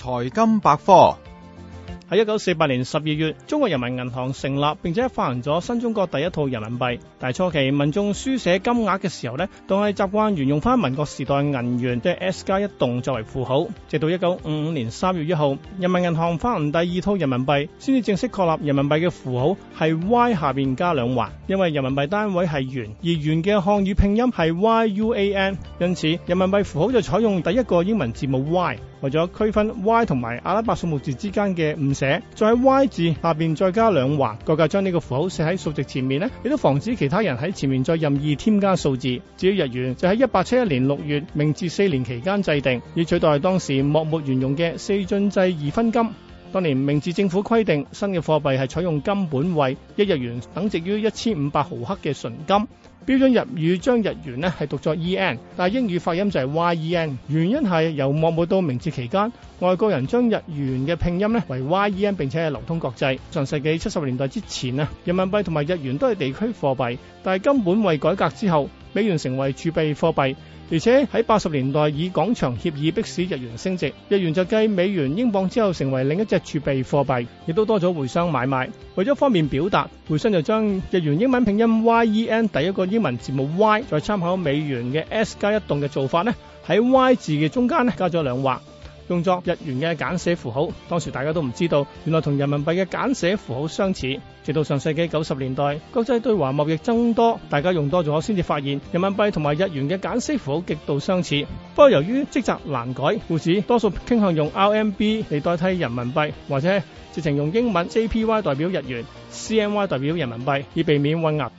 財金百科。喺一九四八年十二月，中國人民銀行成立，並且發行咗新中國第一套人民幣。但係初期民眾書寫金額嘅時候呢，仲係習慣沿用翻民國時代銀元嘅 S 加一棟作為符號。直到一九五五年三月一號，人民銀行發行第二套人民幣，先至正式確立人民幣嘅符號係 Y 下邊加兩橫，因為人民幣單位係元，而元嘅漢語拼音係 YUAN，因此人民幣符號就採用第一個英文字母 Y，為咗區分 Y 同埋阿拉伯數目字之間嘅唔。再喺 Y 字下邊再加兩橫，各界將呢個符號寫喺數值前面咧，亦都防止其他人喺前面再任意添加數字。至於日元就喺一八七一年六月明治四年期間制定，以取代當時默默沿用嘅四進制二分金。當年明治政府規定新嘅貨幣係採用金本位，一日元等值於一千五百毫克嘅純金。標準日語將日元咧係讀作 EN 但係英語發音就係 yen。原因係由幕末到明治期間，外國人將日元嘅拼音咧為 yen，並且係流通國際。上世紀七十年代之前啊，人民幣同埋日元都係地區貨幣，但係金本位改革之後，美元成為儲備貨幣，而且喺八十年代以廣場協議逼使日元升值，日元就繼美元、英鎊之後成為另一隻儲備貨幣，亦都多咗匯商買賣。為咗方便表達，匯商就將日元英文拼音 Y E N 第一個英文字母 Y，再參考美元嘅 S 加一棟嘅做法咧，喺 Y 字嘅中間加咗兩畫。用作日元嘅簡寫符號，當時大家都唔知道，原來同人民幣嘅簡寫符號相似。直到上世紀九十年代，國際對華貿易增多，大家用多咗，先至發現人民幣同埋日元嘅簡寫符號極度相似。不過由於積習難改，故此多數傾向用 RMB 嚟代替人民幣，或者直情用英文 JPY 代表日元，CNY 代表人民幣，以避免混淆。